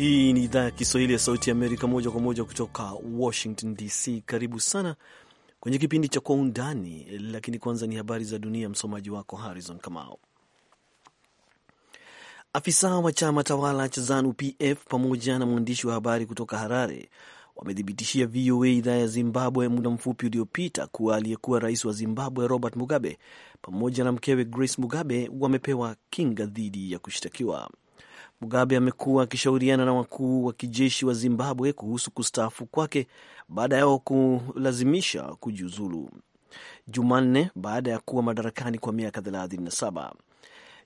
Hii ni idhaa ya Kiswahili ya Sauti ya Amerika, moja kwa moja kutoka Washington DC. Karibu sana kwenye kipindi cha Kwa Undani, lakini kwanza ni habari za dunia. Msomaji wako Harrison Kamao. Afisa wa chama tawala cha ZANU PF pamoja na mwandishi wa habari kutoka Harare wamethibitishia VOA idhaa ya Zimbabwe muda mfupi uliopita kuwa aliyekuwa rais wa Zimbabwe Robert Mugabe pamoja na mkewe Grace Mugabe wamepewa kinga dhidi ya kushtakiwa. Mugabe amekuwa akishauriana na wakuu wa kijeshi wa Zimbabwe kuhusu kustaafu kwake baada yao kulazimisha kujiuzulu Jumanne baada ya kuwa madarakani kwa miaka 37.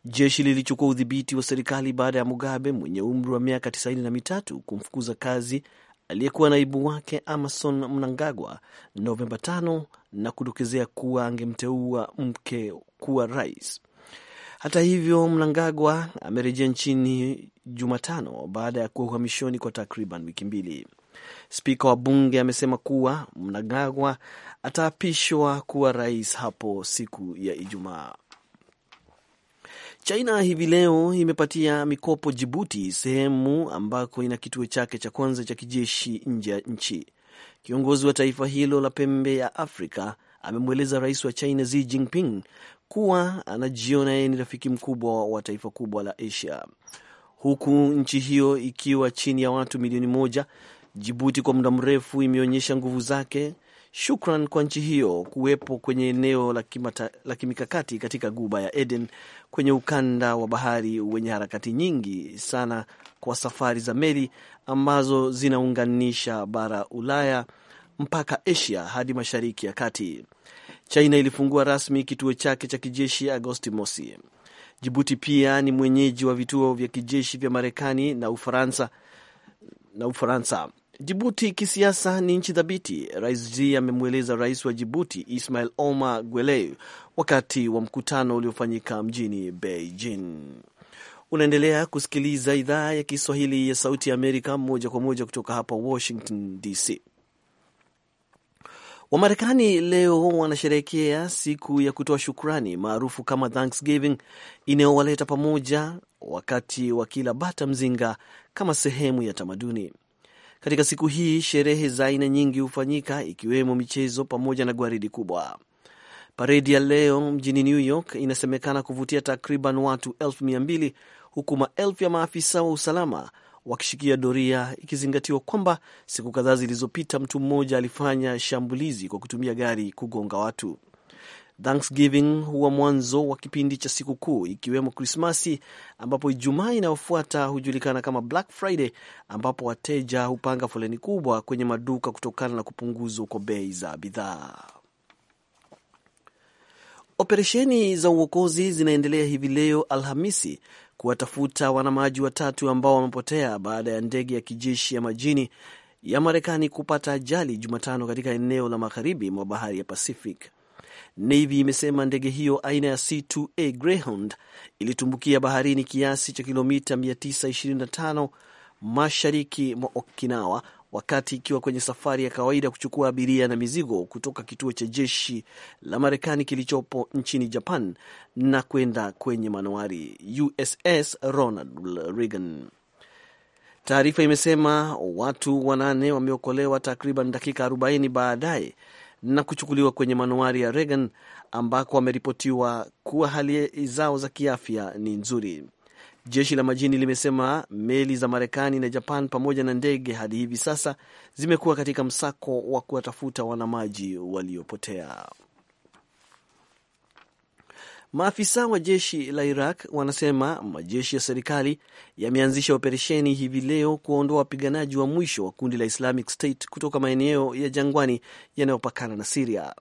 Jeshi lilichukua udhibiti wa serikali baada ya Mugabe mwenye umri wa miaka 93 kumfukuza kazi aliyekuwa naibu wake Amason Mnangagwa Novemba 5 na kudokezea kuwa angemteua mke kuwa rais. Hata hivyo, Mnangagwa amerejea nchini Jumatano baada ya kuwa uhamishoni kwa takriban wiki mbili. Spika wa bunge amesema kuwa Mnangagwa ataapishwa kuwa rais hapo siku ya Ijumaa. China hivi leo imepatia mikopo Jibuti, sehemu ambako ina kituo chake cha kwanza cha kijeshi nje ya nchi. Kiongozi wa taifa hilo la pembe ya Afrika amemweleza rais wa China Xi Jinping kuwa anajiona yeye ni rafiki mkubwa wa taifa kubwa la Asia, huku nchi hiyo ikiwa chini ya watu milioni moja. Jibuti kwa muda mrefu imeonyesha nguvu zake, shukran kwa nchi hiyo kuwepo kwenye eneo la kimikakati katika Guba ya Eden, kwenye ukanda wa bahari wenye harakati nyingi sana kwa safari za meli ambazo zinaunganisha bara Ulaya mpaka Asia hadi Mashariki ya Kati. China ilifungua rasmi kituo chake cha kijeshi Agosti mosi. Jibuti pia ni mwenyeji wa vituo vya kijeshi vya Marekani na Ufaransa na Ufaransa. Jibuti kisiasa ni nchi thabiti, Rais G amemweleza rais wa Jibuti Ismail Omar Guelleh wakati wa mkutano uliofanyika mjini Beijing. Unaendelea kusikiliza idhaa ya Kiswahili ya Sauti ya Amerika moja kwa moja kutoka hapa Washington DC. Wamarekani leo wanasherehekea siku ya kutoa shukrani maarufu kama Thanksgiving inayowaleta pamoja wakati wa kila bata mzinga kama sehemu ya tamaduni. Katika siku hii sherehe za aina nyingi hufanyika ikiwemo michezo pamoja na gwaridi kubwa. Paredi ya leo mjini New York inasemekana kuvutia takriban watu elfu mia mbili huku maelfu ya maafisa wa usalama wakishikia doria, ikizingatiwa kwamba siku kadhaa zilizopita mtu mmoja alifanya shambulizi kwa kutumia gari kugonga watu. Thanksgiving huwa mwanzo wa kipindi cha sikukuu ikiwemo Krismasi, ambapo Ijumaa inayofuata hujulikana kama Black Friday, ambapo wateja hupanga foleni kubwa kwenye maduka kutokana na kupunguzwa kwa bei za bidhaa. Operesheni za uokozi zinaendelea hivi leo Alhamisi kuwatafuta wanamaji watatu ambao wamepotea baada ya ndege ya kijeshi ya majini ya Marekani kupata ajali Jumatano katika eneo la magharibi mwa bahari ya Pacific. Navy imesema ndege hiyo aina ya C2A Greyhound ilitumbukia baharini kiasi cha kilomita 925 mashariki mwa Okinawa wakati ikiwa kwenye safari ya kawaida kuchukua abiria na mizigo kutoka kituo cha jeshi la Marekani kilichopo nchini Japan na kwenda kwenye manowari USS Ronald Reagan. Taarifa imesema watu wanane wameokolewa takriban dakika 40 baadaye na kuchukuliwa kwenye manowari ya Reagan ambako wameripotiwa kuwa hali zao za kiafya ni nzuri. Jeshi la majini limesema meli za Marekani na Japan pamoja na ndege hadi hivi sasa zimekuwa katika msako wa kuwatafuta wanamaji waliopotea. Maafisa wa jeshi la Iraq wanasema majeshi ya serikali yameanzisha operesheni hivi leo kuwaondoa wapiganaji wa mwisho wa kundi la Islamic State kutoka maeneo ya jangwani yanayopakana na Siria.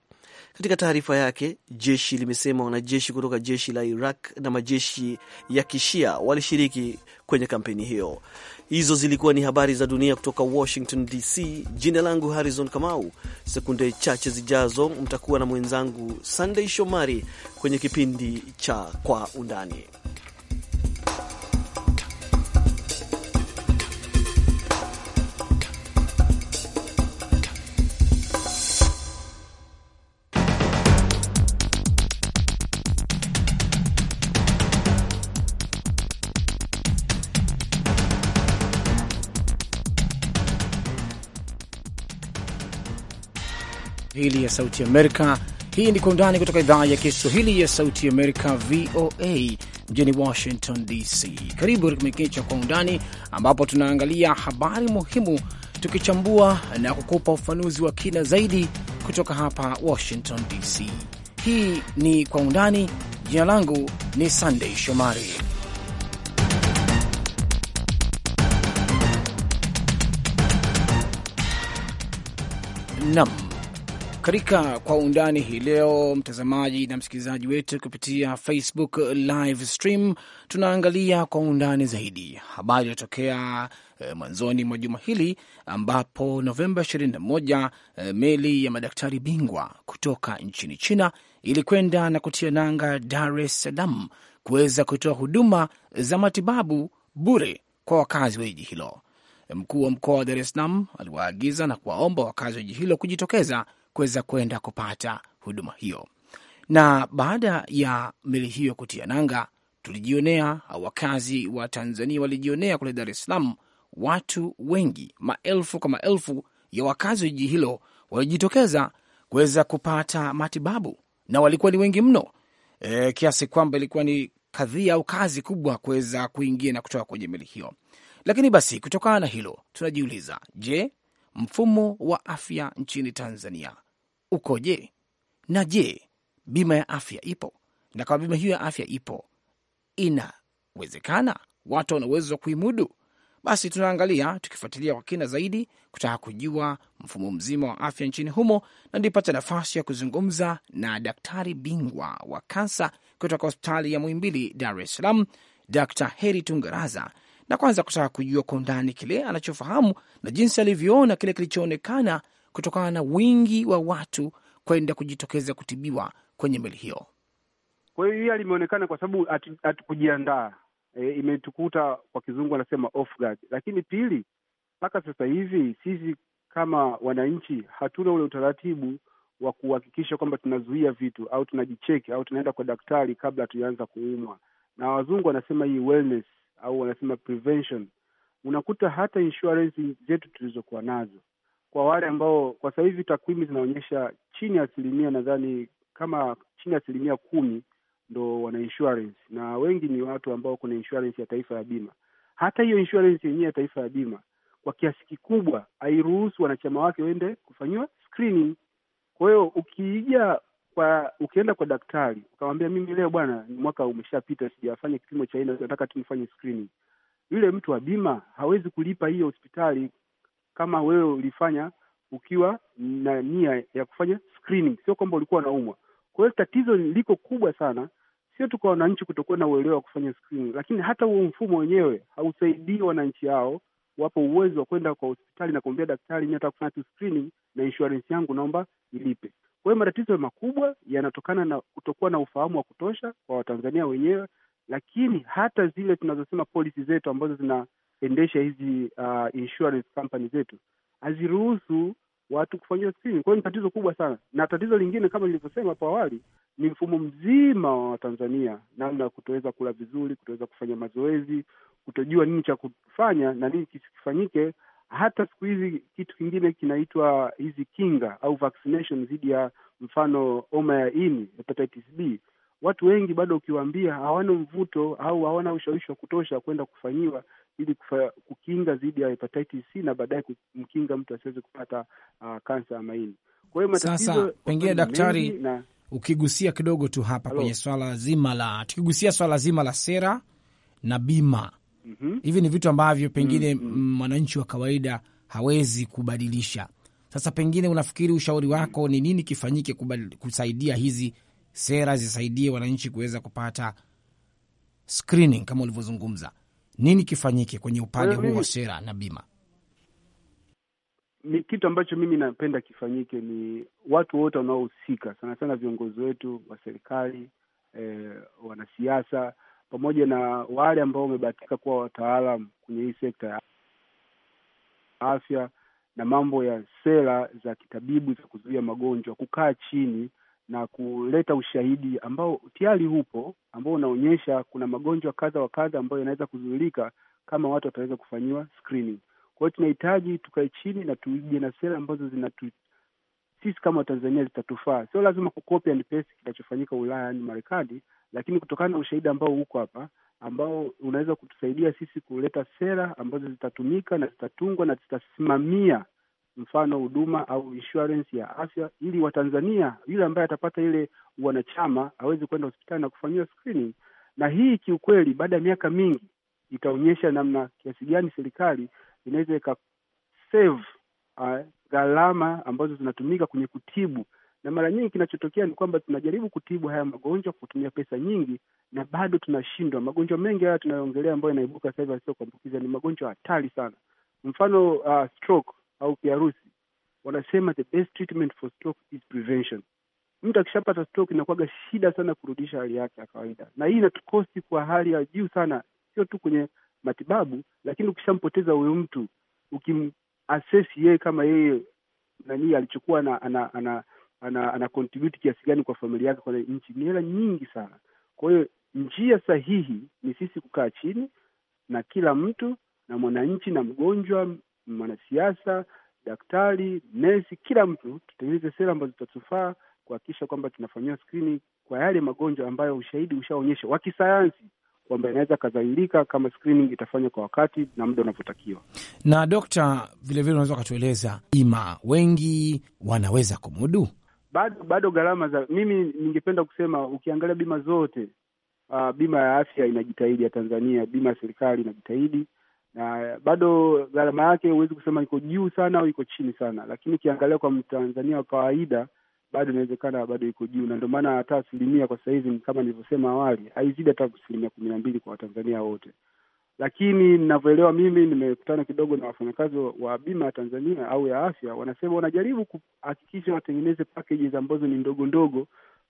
Katika taarifa yake, jeshi limesema wanajeshi kutoka jeshi la Iraq na majeshi ya Kishia walishiriki kwenye kampeni hiyo. Hizo zilikuwa ni habari za dunia kutoka Washington DC. Jina langu Harrison Kamau. Sekunde chache zijazo mtakuwa na mwenzangu sandey Shomari kwenye kipindi cha Kwa Undani. Kiswahili ya Sauti Amerika. Hii ni Kwa Undani kutoka idhaa ya Kiswahili ya Sauti Amerika, VOA mjini Washington DC. Karibu kipindi cha Kwa Undani ambapo tunaangalia habari muhimu tukichambua na kukupa ufanuzi wa kina zaidi kutoka hapa Washington DC. Hii ni Kwa Undani. Jina langu ni Sandei Shomari. Nam katika kwa undani hii leo, mtazamaji na msikilizaji wetu kupitia Facebook live stream, tunaangalia kwa undani zaidi habari iliyotokea e, mwanzoni mwa juma hili ambapo Novemba 21 e, eh, meli ya madaktari bingwa kutoka nchini China ilikwenda na kutia nanga Dar es Salaam kuweza kutoa huduma za matibabu bure kwa wakazi wa jiji hilo. Mkuu wa mkoa wa Dar es Salaam aliwaagiza na kuwaomba wakazi wa jiji hilo kujitokeza kuweza kwenda kupata huduma hiyo. Na baada ya meli hiyo kutia nanga, tulijionea au wakazi wa Tanzania walijionea kule Dar es Salaam, watu wengi, maelfu kwa maelfu ya wakazi wa jiji hilo walijitokeza kuweza kupata matibabu, na walikuwa ni wengi mno e, kiasi kwamba ilikuwa ni kadhia au kazi kubwa kuweza kuingia na kutoka kwenye meli hiyo. Lakini basi kutokana na hilo tunajiuliza, je, mfumo wa afya nchini Tanzania ukoje, na je bima ya afya ipo, na kama bima hiyo ya afya ipo, inawezekana watu wana uwezo wa kuimudu? Basi tunaangalia tukifuatilia kwa kina zaidi kutaka kujua mfumo mzima wa afya nchini humo, na ndipata nafasi ya kuzungumza na daktari bingwa wa kansa kutoka hospitali ya Muhimbili, Dar es Salaam, Dr Heri Tungaraza, na kwanza kutaka kujua kwa undani kile anachofahamu na jinsi alivyoona kile kilichoonekana kutokana na wingi wa watu kwenda kujitokeza kutibiwa kwenye meli hiyo. Kwa hiyo hii hali kwa sababu hatukujiandaa, e, imetukuta kwa kizungu anasema off guard. Lakini pili, mpaka sasa hivi sisi kama wananchi hatuna ule utaratibu wa kuhakikisha kwamba tunazuia vitu au tunajicheki au tunaenda kwa daktari kabla hatujaanza kuumwa, na wazungu wanasema hii wellness au wanasema prevention. Unakuta hata insurance zetu tulizokuwa nazo kwa wale ambao kwa sasa hivi takwimu zinaonyesha chini ya asilimia nadhani kama chini ya asilimia kumi ndo wana insurance, na wengi ni watu ambao kuna insurance ya taifa ya bima. Hata hiyo insurance yenyewe ya taifa ya bima kwa kiasi kikubwa hairuhusu wanachama wake waende kufanyiwa screening. Kwa hiyo ukiija kwa ukienda kwa daktari ukamwambia, mimi leo bwana, ni mwaka umeshapita, sijafanya kipimo cha aina, nataka tu nifanye screening, yule mtu wa bima hawezi kulipa hiyo hospitali kama wewe ulifanya ukiwa na nia ya kufanya screening, sio kwamba ulikuwa unaumwa. Kwa hiyo tatizo liko kubwa sana, sio tu kwa wananchi kutokuwa na uelewa wa kufanya screening, lakini hata huo mfumo wenyewe hausaidii wananchi hao wapo uwezo wa kwenda kwa hospitali na kumwambia daktari, nataka kufanya tu screening na insurance yangu naomba ilipe. Kwa hiyo matatizo makubwa yanatokana na kutokuwa na ufahamu wa kutosha kwa Watanzania wenyewe, lakini hata zile tunazosema polisi zetu ambazo zina zinazoendesha hizi uh, insurance company zetu haziruhusu watu kufanyia screening. Kwa hiyo ni tatizo kubwa sana, na tatizo lingine kama nilivyosema hapo awali ni mfumo mzima wa Watanzania, namna ya kutoweza kula vizuri, kutoweza kufanya mazoezi, kutojua nini cha kufanya na nini kisifanyike. Hata siku hizi kitu kingine kinaitwa hizi kinga au vaccination dhidi ya mfano homa ya ini hepatitis B, watu wengi bado ukiwaambia hawana mvuto au hawana ushawishi wa kutosha kwenda kufanyiwa ili kufa, kukinga dhidi ya hepatitis C na baadaye kumkinga mtu asiweze kupata uh, kansa ya maini. Kwa hiyo sasa, pengine daktari na... ukigusia kidogo tu hapa halo, kwenye swala zima la tukigusia swala zima la sera na bima mm -hmm. hivi ni vitu ambavyo pengine mm, mm. mwananchi mm -hmm. wa kawaida hawezi kubadilisha. Sasa pengine unafikiri ushauri wako ni nini kifanyike kusaidia hizi sera zisaidie wananchi kuweza kupata screening kama ulivyozungumza nini kifanyike kwenye upande huu wa sera na bima? Ni kitu ambacho mimi napenda kifanyike ni watu wote wanaohusika, sana sana viongozi wetu wa serikali, eh, wanasiasa, pamoja na wale ambao wamebahatika kuwa wataalam kwenye hii sekta ya afya na mambo ya sera za kitabibu za kuzuia magonjwa, kukaa chini na kuleta ushahidi ambao tayari upo ambao unaonyesha kuna magonjwa kadha wa kadha ambayo yanaweza kuzuilika kama watu wataweza kufanyiwa screening. Kwa hiyo tunahitaji tukae chini na tuje na sera ambazo zinatu sisi kama Watanzania zitatufaa. Sio lazima kukopi and paste kinachofanyika Ulaya ni Marekani, lakini kutokana na ushahidi ambao uko hapa ambao unaweza kutusaidia sisi kuleta sera ambazo zitatumika na zitatungwa na zitasimamia mfano huduma au insurance ya afya, ili Watanzania yule ambaye atapata ile wanachama aweze kwenda hospitali na kufanyiwa screening. Na hii kiukweli, baada ya miaka mingi, itaonyesha namna kiasi gani serikali inaweza ika save uh, gharama ambazo zinatumika kwenye kutibu na mara nyingi kinachotokea ni kwamba tunajaribu kutibu haya magonjwa kutumia pesa nyingi na bado tunashindwa. Magonjwa mengi haya tunayoongelea ambayo yanaibuka sasa hivi yasiyo kuambukiza ni magonjwa hatari sana, mfano uh, stroke au kiharusi, wanasema the best treatment for stroke is prevention. Mtu akishapata stroke inakuwaga shida sana kurudisha hali yake ya kawaida, na hii inatukosti kwa hali ya juu sana, sio tu kwenye matibabu, lakini ukishampoteza huyo mtu ukimsesi yeye kama yeye nani alichokuwa ana ana ana ana, ana contribute kiasi gani kwa familia yake, kwa nchi, ni hela nyingi sana. Kwa hiyo njia sahihi ni sisi kukaa chini na kila mtu na mwananchi na mgonjwa mwanasiasa, daktari, nesi, kila mtu tutengeneze sera ambazo zitatufaa kuhakikisha kwamba tunafanyiwa skrini kwa yale magonjwa ambayo ushahidi ushaonyesha wa kisayansi kwamba inaweza kazailika kama screening itafanywa kwa wakati na muda unavyotakiwa. Na dokta, vilevile unaweza ukatueleza ima wengi wanaweza kumudu bado? Bado gharama za, mimi ningependa kusema ukiangalia bima zote, uh, bima ya afya inajitahidi ya Tanzania, bima ya serikali inajitahidi na bado gharama yake huwezi kusema iko juu sana au iko chini sana, lakini ukiangalia kwa mtanzania wa kawaida bado inawezekana bado iko juu, na ndio maana hata asilimia kwa sahizi kama nilivyosema awali haizidi hata asilimia kumi na mbili kwa watanzania wote. Lakini ninavyoelewa mimi, nimekutana kidogo na wafanyakazi wa bima ya Tanzania au ya afya, wanasema wanajaribu kuhakikisha watengeneze packages ambazo ni ndogo ndogo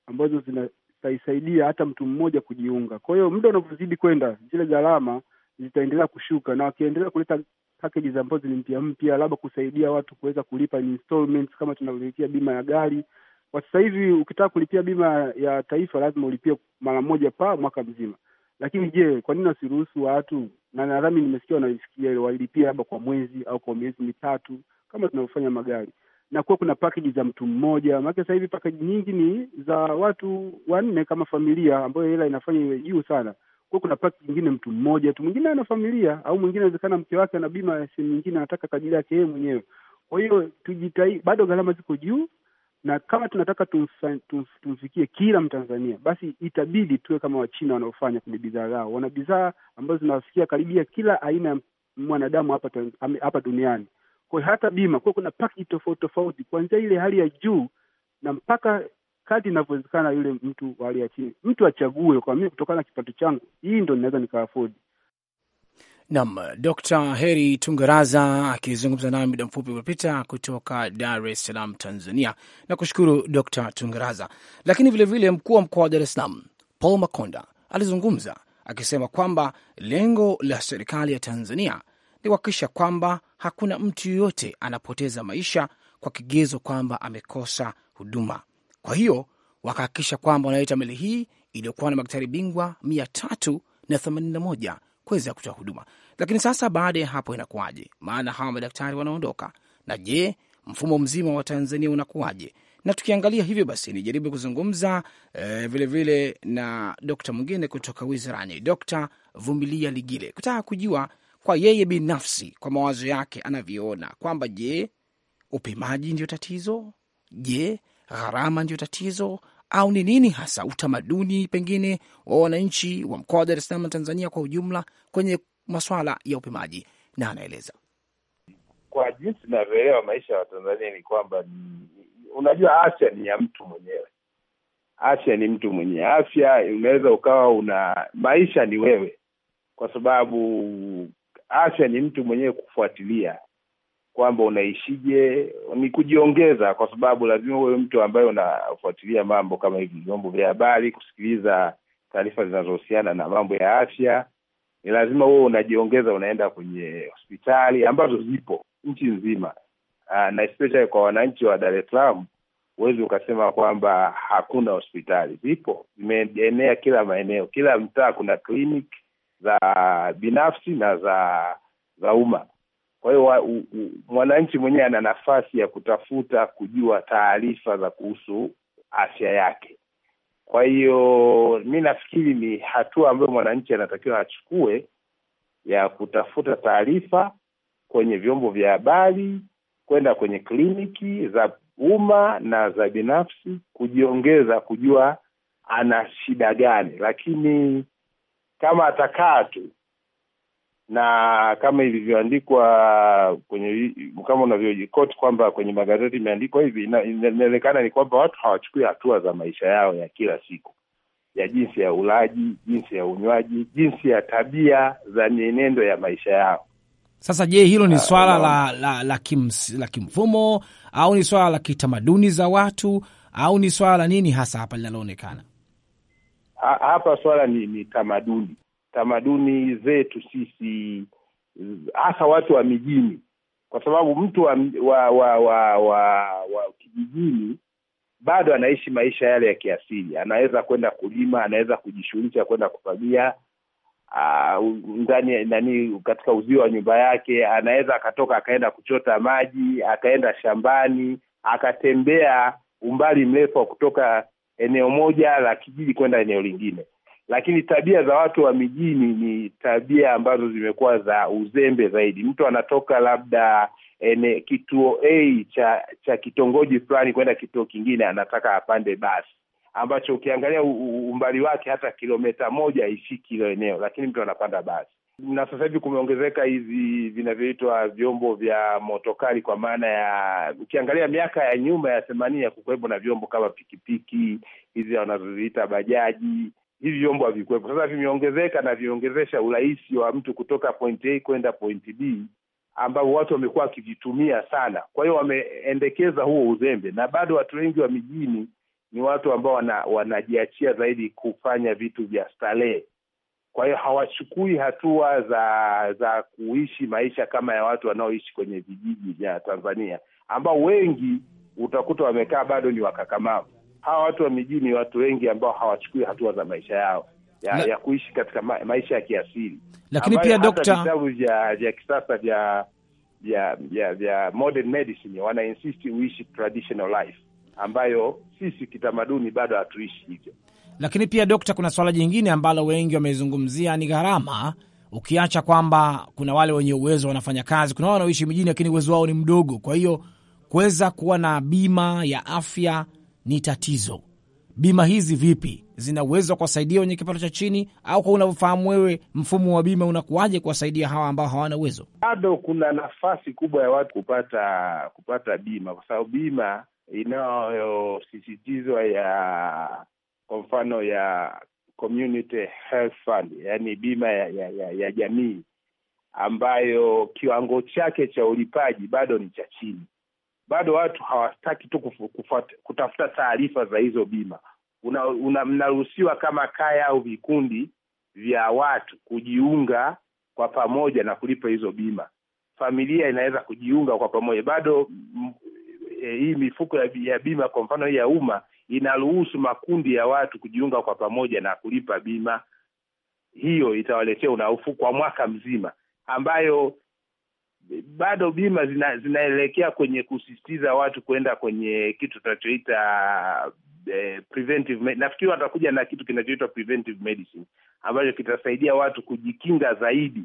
ambazo zinaisaidia hata mtu mmoja kujiunga. Kwa hiyo muda unavyozidi kwenda, zile gharama zitaendelea kushuka, na wakiendelea kuleta packages ambazo ni mpya mpya, labda kusaidia watu kuweza kulipa installments kama tunavyolipia bima ya gari. Kwa sasa hivi ukitaka kulipia bima ya taifa lazima ulipie mara moja pa mwaka mzima, lakini je, kwa nini wasiruhusu watu, na nadhani nimesikia wanaifikia walipia labda kwa mwezi au kwa miezi mitatu kama tunavyofanya magari na kuwa kuna pakeji za mtu mmoja. Maanake sasa hivi pakeji nyingi ni za watu wanne kama familia, ambayo hela inafanya iwe juu sana. Kwa kuna pakti nyingine mtu mmoja tu, mwingine ana familia au mwingine anawezekana mke wake ana bima ya sehemu nyingine anataka kwa ajili yake yeye mwenyewe. Kwa hiyo tujitai, bado gharama ziko juu, na kama tunataka tumfikie kila Mtanzania basi itabidi tuwe kama Wachina wanaofanya kwenye bidhaa zao. Wana bidhaa ambazo zinawafikia karibia kila aina ya mwanadamu hapa hapa duniani, kwa hata bima kwa kuna pakti tofauti tofauti kuanzia ile hali ya juu na mpaka kadri inavyowezekana yule mtu wa hali ya chini, mtu achague kwa mimi, kutokana na kipato changu hii ndo inaweza nikaafodi. Nam Dr. Heri Tungaraza akizungumza naye muda mfupi uliopita kutoka Dar es Salaam, Tanzania. Na kushukuru Dr. Tungaraza. Lakini vilevile mkuu wa mkoa wa Dar es Salaam Paul Makonda alizungumza akisema kwamba lengo la serikali ya Tanzania ni kuhakikisha kwamba hakuna mtu yoyote anapoteza maisha kwa kigezo kwamba amekosa huduma. Kwa hiyo wakahakikisha kwamba wanaleta meli hii iliyokuwa na madaktari bingwa mia tatu na themanini na moja kuweza kutoa huduma. Lakini sasa baada ya hapo inakuwaje? Maana hawa madaktari wanaondoka, na je, mfumo mzima wa Tanzania unakuwaje? Na tukiangalia hivyo basi, nijaribu kuzungumza vilevile eh, vile na dokta mwingine kutoka wizarani, Dokta Vumilia Ligile, kutaka kujua kwa yeye binafsi, kwa mawazo yake anavyoona kwamba, je, upimaji ndio tatizo? Je, gharama ndio tatizo au ni nini hasa utamaduni pengine wa wananchi wa mkoa wa Dar es Salaam Tanzania kwa ujumla kwenye masuala ya upimaji? Na anaeleza kwa jinsi inavyoelewa maisha ya Watanzania ni kwamba, unajua afya ni ya mtu mwenyewe, afya ni mtu mwenye Afya unaweza ukawa una maisha ni wewe, kwa sababu afya ni mtu mwenyewe kufuatilia kwamba unaishije ni kujiongeza, kwa sababu lazima uwe mtu ambaye unafuatilia mambo kama hivi, vyombo vya habari, kusikiliza taarifa zinazohusiana na mambo ya afya. Ni lazima huwe unajiongeza, unaenda kwenye hospitali ambazo zipo nchi nzima, ah, na especially kwa wananchi wa Dar es Salaam huwezi ukasema kwamba hakuna hospitali. Zipo, zimeenea kila maeneo, kila mtaa kuna klinik za binafsi na za za umma kwa hiyo mwananchi mwenyewe ana nafasi ya kutafuta kujua taarifa za kuhusu afya yake. Kwa hiyo mi nafikiri ni hatua ambayo mwananchi anatakiwa achukue ya kutafuta taarifa kwenye vyombo vya habari, kwenda kwenye kliniki za umma na za binafsi, kujiongeza kujua ana shida gani, lakini kama atakaa tu na kama ilivyoandikwa kwenye kama unavyojikoti kwamba kwenye magazeti imeandikwa hivi, inaonekana ni kwamba watu hawachukui hatua za maisha yao ya kila siku ya jinsi ya ulaji, jinsi ya unywaji, jinsi ya tabia za mienendo ya maisha yao. Sasa je, hilo ni ah, swala uh, la, la, la, kim, la kimfumo au ni swala la kitamaduni za watu au ni swala la nini hasa hapa linaloonekana? Ha, hapa swala ni, ni tamaduni tamaduni zetu sisi, hasa watu wa mijini, kwa sababu mtu wa wa wa wa, wa, wa kijijini bado anaishi maisha yale ya kiasili, anaweza kwenda kulima, anaweza kujishughulisha kwenda kufagia ndani nani katika uzio wa nyumba yake, anaweza akatoka akaenda kuchota maji, akaenda shambani, akatembea umbali mrefu wa kutoka eneo moja la kijiji kwenda eneo lingine lakini tabia za watu wa mijini ni tabia ambazo zimekuwa za uzembe zaidi. Mtu anatoka labda ene, kituo A cha cha kitongoji fulani kwenda kituo kingine, anataka apande basi ambacho ukiangalia umbali wake hata kilomita moja haifiki hilo eneo, lakini mtu anapanda basi. Na sasa hivi kumeongezeka hizi vinavyoitwa vyombo vya motokari, kwa maana ya ukiangalia miaka ya nyuma ya themanini ya kukuwepo na vyombo kama pikipiki hizi wanazoziita bajaji hivi vyombo havikuwepo. Sasa vimeongezeka na vimeongezesha urahisi wa mtu kutoka point A kwenda point B, ambapo watu wamekuwa wakivitumia sana. Kwa hiyo wameendekeza huo uzembe, na bado watu wengi wa mijini ni watu ambao wana, wanajiachia zaidi kufanya vitu vya starehe. Kwa hiyo hawachukui hatua za za kuishi maisha kama ya watu wanaoishi kwenye vijiji vya Tanzania, ambao wengi utakuta wamekaa bado ni wakakamavu hawa watu wa mijini ni watu wengi ambao hawachukui hatua za maisha yao ya, La... ya kuishi katika ma, maisha ya kiasili, lakini pia dokta, vitabu vya kisasa vya vya vya vya modern medicine wana insist uishi traditional life ambayo sisi kitamaduni bado hatuishi hivyo. Lakini pia dokta, kuna swala jingine ambalo wengi wamezungumzia ni gharama. Ukiacha kwamba kuna wale wenye uwezo wanafanya kazi, kuna wale wanaoishi mjini, lakini uwezo wao ni mdogo. Kwa hiyo kuweza kuwa na bima ya afya ni tatizo. Bima hizi vipi zinaweza kuwasaidia wenye kipato cha chini, au kwa unavyofahamu wewe, mfumo wa bima unakuwaje kuwasaidia hawa ambao hawana uwezo? Bado kuna nafasi kubwa ya watu kupata kupata bima, kwa sababu bima inayosisitizwa ya kwa mfano ya community health fund, yani bima ya, ya, ya, ya jamii ambayo kiwango chake cha ulipaji bado ni cha chini bado watu hawataki tu kutafuta taarifa za hizo bima. Mnaruhusiwa una, kama kaya au vikundi vya watu kujiunga kwa pamoja na kulipa hizo bima. Familia inaweza kujiunga kwa pamoja bado m, e, hii mifuko ya, ya bima kwa mfano hii ya umma inaruhusu makundi ya watu kujiunga kwa pamoja na kulipa bima hiyo. Itawaletea unaufu kwa mwaka mzima, ambayo bado bima zina, zinaelekea kwenye kusisitiza watu kuenda kwenye kitu tunachoita eh, preventive. Nafikiri watakuja na kitu kinachoitwa preventive medicine ambacho kitasaidia watu kujikinga zaidi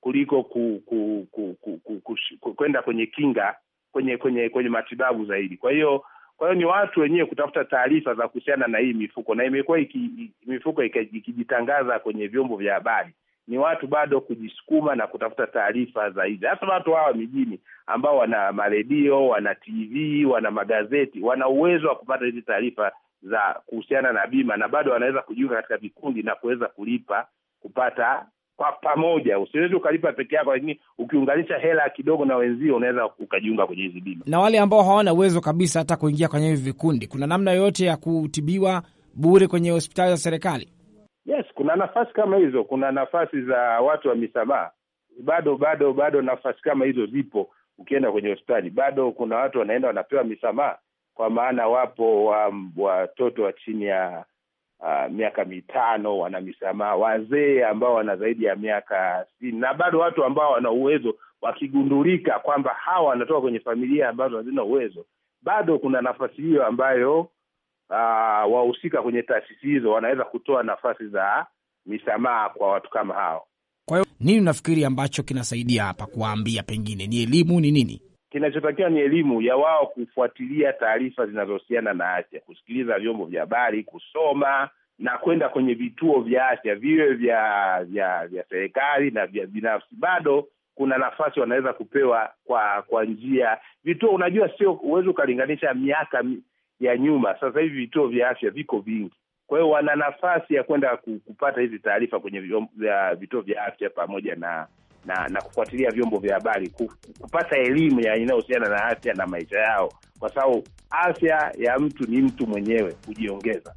kuliko ku, ku, ku, ku, ku, ku, ku, kwenda kwenye kinga kwenye kwenye kwenye matibabu zaidi. Kwa hiyo kwa hiyo ni watu wenyewe kutafuta taarifa za kuhusiana na hii mifuko, na imekuwa iki, mifuko ikijitangaza kwenye vyombo vya habari ni watu bado kujisukuma na kutafuta taarifa zaidi, hasa watu hawa mijini ambao wana maredio, wana TV, wana magazeti, wana uwezo wa kupata hizi taarifa za kuhusiana na bima, na bado wanaweza kujiunga katika vikundi na kuweza kulipa kupata kwa pamoja. Usiwezi ukalipa peke yako, lakini ukiunganisha hela kidogo na wenzio unaweza ukajiunga kwenye hizi bima. Na wale ambao hawana uwezo kabisa hata kuingia kwenye hivi vikundi, kuna namna yoyote ya kutibiwa bure kwenye hospitali za serikali? kuna nafasi kama hizo, kuna nafasi za watu wa misamaha bado bado bado, nafasi kama hizo zipo. Ukienda kwenye hospitali bado kuna watu wanaenda wanapewa misamaha, kwa maana wapo watoto wa, wa chini ya uh, miaka mitano wana misamaha, wazee ambao wana zaidi ya miaka sitini na bado watu ambao wana uwezo wakigundulika kwamba hawa wanatoka kwenye familia ambazo hazina uwezo, bado kuna nafasi hiyo ambayo uh, wahusika kwenye taasisi hizo wanaweza kutoa nafasi za misamaha kwa watu kama hao. Kwa hiyo nini unafikiri ambacho kinasaidia hapa kuwaambia, pengine ni elimu, ni nini kinachotakiwa? Ni elimu ya wao kufuatilia taarifa zinazohusiana na afya, kusikiliza vyombo vya habari, kusoma na kwenda kwenye vituo vya afya viwe vya vya vya serikali na vya binafsi. Bado kuna nafasi wanaweza kupewa kwa kwa njia vituo. Unajua, sio huwezi ukalinganisha miaka ya nyuma, sasa hivi vituo vya afya viko vingi kwa hiyo wana nafasi ya kwenda kupata hizi taarifa kwenye vituo vya afya pamoja na na na kufuatilia vyombo vya habari kupata elimu ya inayohusiana na afya na maisha yao, kwa sababu afya ya mtu ni mtu mwenyewe kujiongeza.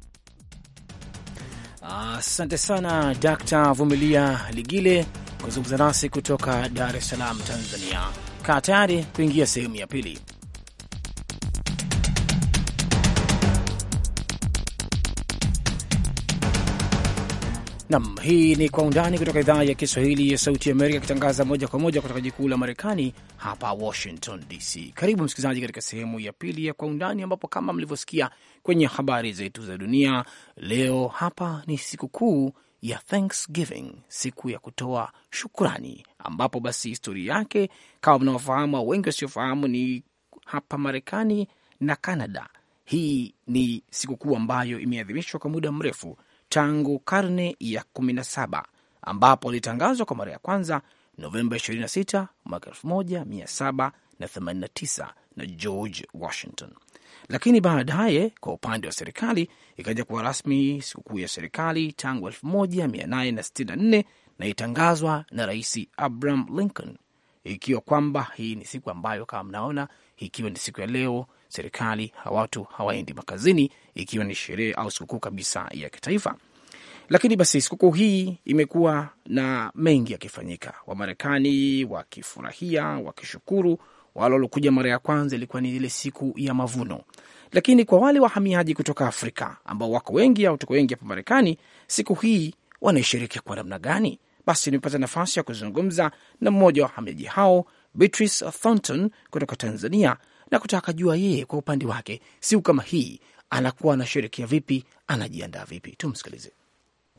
Asante ah, sana Dr. Vumilia Ligile kuzungumza nasi kutoka Dar es Salaam, Tanzania. Kaa tayari kuingia sehemu ya pili. Nam, hii ni Kwa Undani kutoka idhaa ya Kiswahili ya Sauti Amerika, ikitangaza moja kwa moja kutoka jikuu la Marekani hapa Washington DC. Karibu msikilizaji katika sehemu ya pili ya Kwa Undani, ambapo kama mlivyosikia kwenye habari zetu za dunia leo, hapa ni sikukuu ya Thanksgiving, siku ya kutoa shukurani ambapo basi historia yake kama mnaofahamu au wengi wasiofahamu ni hapa Marekani na Kanada. Hii ni sikukuu ambayo imeadhimishwa kwa muda mrefu tangu karne ya 17 ambapo ilitangazwa kwa mara ya kwanza Novemba 26 mwaka 1789 na George Washington, lakini baadaye kwa upande wa serikali ikaja kuwa rasmi sikukuu ya serikali tangu 1864 na itangazwa na Rais Abraham Lincoln, ikiwa kwamba hii ni siku ambayo kama mnaona ikiwa ni siku ya leo serikali, hawatu hawaendi makazini, ikiwa ni sherehe au sikukuu kabisa ya kitaifa. Lakini basi sikukuu hii imekuwa na mengi yakifanyika, Wamarekani wakifurahia, wakishukuru. Wale waliokuja mara ya kwanza ilikuwa ni ile siku ya mavuno, lakini kwa wale wahamiaji kutoka Afrika ambao wako wengi au tuko wengi hapa Marekani, siku hii wanaishiriki kwa namna gani? Basi nimepata nafasi ya kuzungumza na mmoja wa wahamiaji hao, Beatrice Thornton kutoka Tanzania, na kutaka jua yeye kwa upande wake siku kama hii anakuwa anasherekea vipi, anajiandaa vipi. Tumsikilize.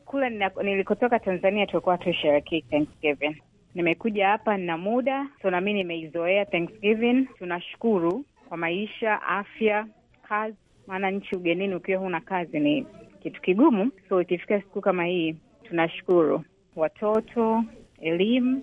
Kule nilikotoka Tanzania tulikuwa tusherekee Thanksgiving. Nimekuja hapa nina muda, so nami nimeizoea Thanksgiving. Tunashukuru kwa maisha, afya, kazi, maana nchi ugenini ukiwa huna kazi ni kitu kigumu. So ikifika siku kama hii tunashukuru watoto, elimu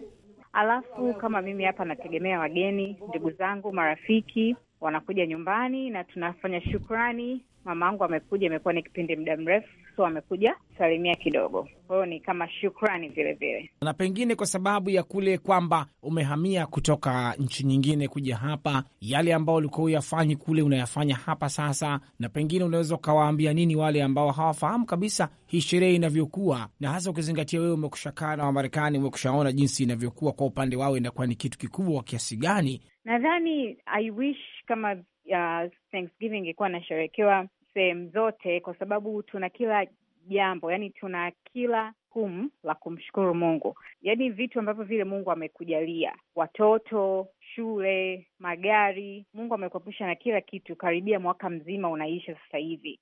alafu kama mimi hapa nategemea wageni, ndugu zangu, marafiki wanakuja nyumbani na tunafanya shukrani. Mama angu amekuja, imekuwa ni kipindi muda mrefu so wamekuja salimia kidogo. Kwa ni kama shukrani vile vile, na pengine kwa sababu ya kule kwamba umehamia kutoka nchi nyingine kuja hapa, yale ambayo ulikuwa uyafanyi kule unayafanya hapa sasa, na pengine unaweza ukawaambia nini wale ambao hawafahamu kabisa hii sherehe inavyokuwa, na hasa ukizingatia wewe umekushakaa na Wamarekani, umekushaona jinsi inavyokuwa kwa upande wao, inakuwa ni kitu kikubwa kiasi gani? Nadhani I wish kama uh, Thanksgiving ingekuwa inasherekewa sehemu zote, kwa sababu tuna kila jambo, yani tuna kila humu la kumshukuru Mungu, yani vitu ambavyo vile Mungu amekujalia, watoto, shule, magari. Mungu amekuepusha na kila kitu, karibia mwaka mzima unaisha sasa hivi,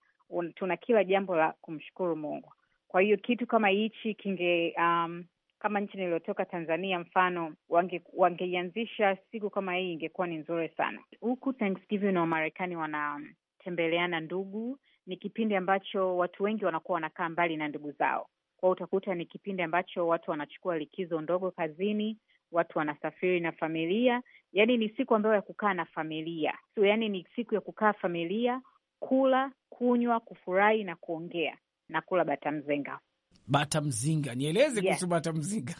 tuna kila jambo la kumshukuru Mungu. Kwa hiyo kitu kama hichi kinge um, kama nchi niliyotoka Tanzania mfano wange, wangeianzisha siku kama hii ingekuwa ni nzuri sana. Huku Thanksgiving na Wamarekani wana kutembeleana ndugu. Ni kipindi ambacho watu wengi wanakuwa wanakaa mbali na ndugu zao, kwao utakuta ni kipindi ambacho watu wanachukua likizo ndogo kazini, watu wanasafiri na familia. Yani ni siku ambayo ya kukaa na familia, so yani ni siku ya kukaa familia, kula, kunywa, kufurahi na kuongea na kula bata mzinga. Bata mzinga, nieleze kuhusu bata mzinga.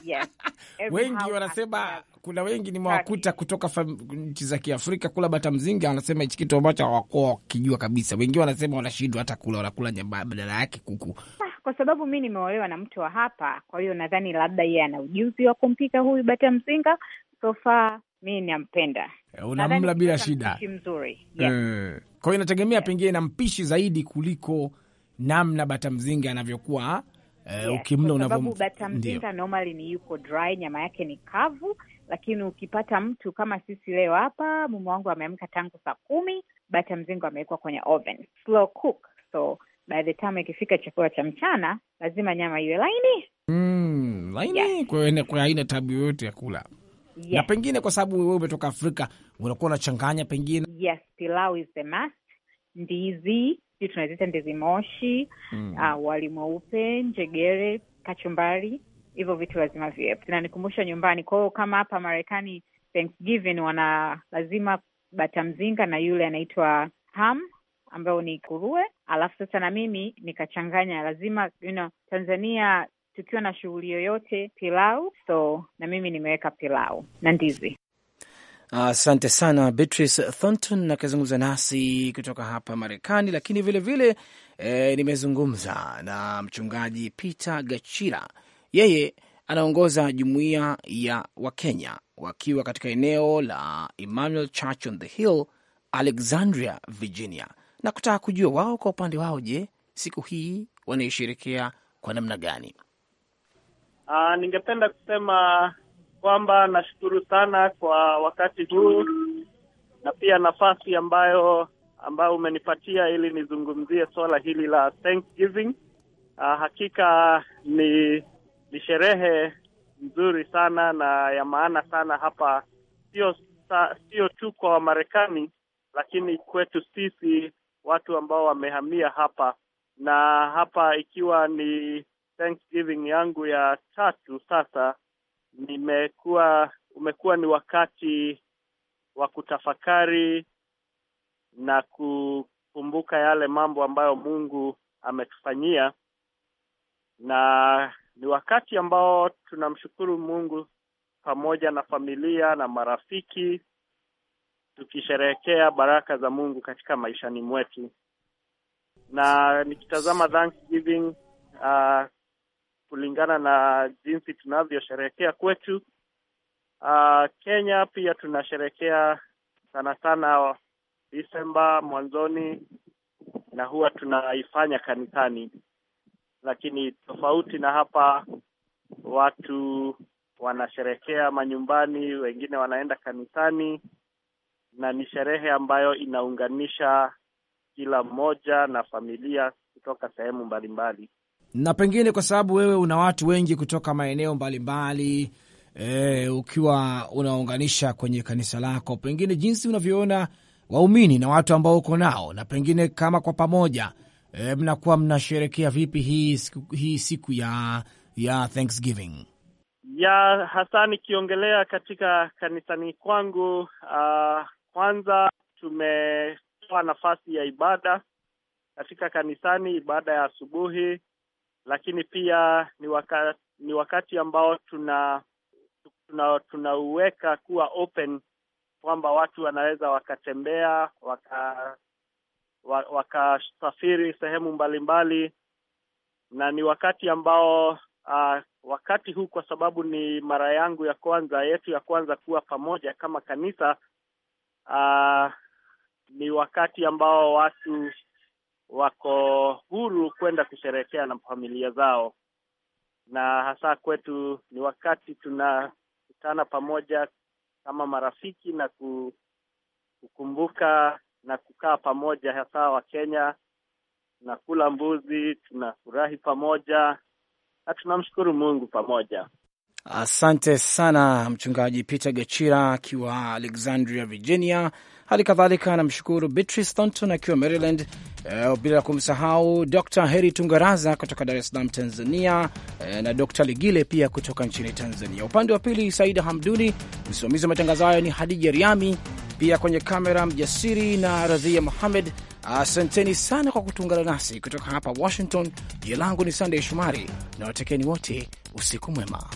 Wengi wanasema kuna wengi nimewakuta kutoka nchi za Kiafrika kula bata mzinga, wanasema hichi kitu ambacho hawakuwa wakijua kabisa. Wengi wanasema wanashindwa hata kula, wanakula nyama badala yake kuku. Ah, kwa sababu mi nimeolewa na mtu wa hapa, kwa hiyo nadhani labda yeye ana ujuzi wa kumpika huyu bata mzinga. So far mi nampenda, eh, unamla bila shida, mzuri yeah. Eh, kwa hiyo inategemea yeah, pengine na mpishi zaidi kuliko namna bata mzinga anavyokuwa Uh, eh, ukimla yes, bata mzinga normally ni yuko dry, nyama yake ni kavu, lakini ukipata mtu kama sisi leo hapa, mume wangu ameamka tangu saa kumi, bata mzinga amewekwa kwenye oven slow cook, so by the time ikifika chakula cha mchana lazima nyama iwe laini mm, laini Kwa kwa tabu yoyote ya kula yes. Na pengine kwa sababu wewe umetoka Afrika unakuwa unachanganya pengine yes, pilau is the must, ndizi sijui tunaziita ndizi moshi mm. uh, wali mweupe, njegere, kachumbari, hivyo vitu lazima viwepo, inanikumbusha nyumbani kwao. Kama hapa Marekani Thanksgiving wana lazima bata mzinga na yule anaitwa ham ambayo ni kurue, alafu sasa na mimi nikachanganya, lazima you know, Tanzania tukiwa na shughuli yoyote pilau, so na mimi nimeweka pilau na ndizi. Asante uh, sana Beatrice Thornton akizungumza nasi kutoka hapa Marekani. Lakini vilevile vile, eh, nimezungumza na mchungaji Peter Gachira, yeye anaongoza jumuiya ya Wakenya wakiwa katika eneo la Emmanuel Church on the Hill, Alexandria, Virginia, na kutaka kujua wao kwa upande wao, je, siku hii wanaisherekea kwa namna gani? Uh, ningependa kusema kwamba nashukuru sana kwa wakati huu na pia nafasi ambayo ambayo umenipatia ili nizungumzie swala hili la Thanksgiving. Ah, hakika ni ni sherehe nzuri sana na ya maana sana hapa, sio sio tu kwa Wamarekani, lakini kwetu sisi watu ambao wamehamia hapa, na hapa ikiwa ni Thanksgiving yangu ya tatu sasa nimekuwa umekuwa ni wakati wa kutafakari na kukumbuka yale mambo ambayo Mungu ametufanyia, na ni wakati ambao tunamshukuru Mungu pamoja na familia na marafiki, tukisherehekea baraka za Mungu katika maishani mwetu. Na nikitazama Thanksgiving uh, kulingana na jinsi tunavyosherehekea kwetu. Uh, Kenya pia tunasherehekea sana sana Desemba mwanzoni, na huwa tunaifanya kanisani, lakini tofauti na hapa watu wanasherehekea manyumbani, wengine wanaenda kanisani, na ni sherehe ambayo inaunganisha kila mmoja na familia kutoka sehemu mbalimbali na pengine kwa sababu wewe una watu wengi kutoka maeneo mbalimbali e, ukiwa unaunganisha kwenye kanisa lako, pengine jinsi unavyoona waumini na watu ambao uko nao, na pengine kama kwa pamoja e, mnakuwa mnasherekea vipi hii siku, hii siku ya ya Thanksgiving ya hasa nikiongelea katika kanisani kwangu. Uh, kwanza tumetoa nafasi ya ibada katika kanisani, ibada ya asubuhi lakini pia ni wakati, ni wakati ambao tuna tunauweka kuwa open kwamba watu wanaweza wakatembea waka wakasafiri sehemu mbalimbali, na ni wakati ambao uh, wakati huu kwa sababu ni mara yangu ya kwanza yetu ya kwanza kuwa pamoja kama kanisa uh, ni wakati ambao watu wako huru kwenda kusherehekea na familia zao, na hasa kwetu ni wakati tunakutana pamoja kama marafiki na kukumbuka na kukaa pamoja, hasa Wakenya. Tunakula mbuzi, tunafurahi pamoja na tunamshukuru Mungu pamoja. Asante sana mchungaji Peter Gachira akiwa Alexandria, Virginia. Hali kadhalika namshukuru Beatrice Thornton akiwa Maryland, eh, bila kumsahau Dr Heri Tungaraza kutoka Dar es Salaam, Tanzania, eh, na Dr Ligile pia kutoka nchini Tanzania. Upande wa pili Saida Hamduni, msimamizi wa matangazo hayo ni Hadija Riami, pia kwenye kamera Mjasiri na Radhia Muhamed. Asanteni sana kwa kutuungana nasi kutoka hapa Washington. Jina langu ni Sandey Shomari na watekeni wote usiku mwema.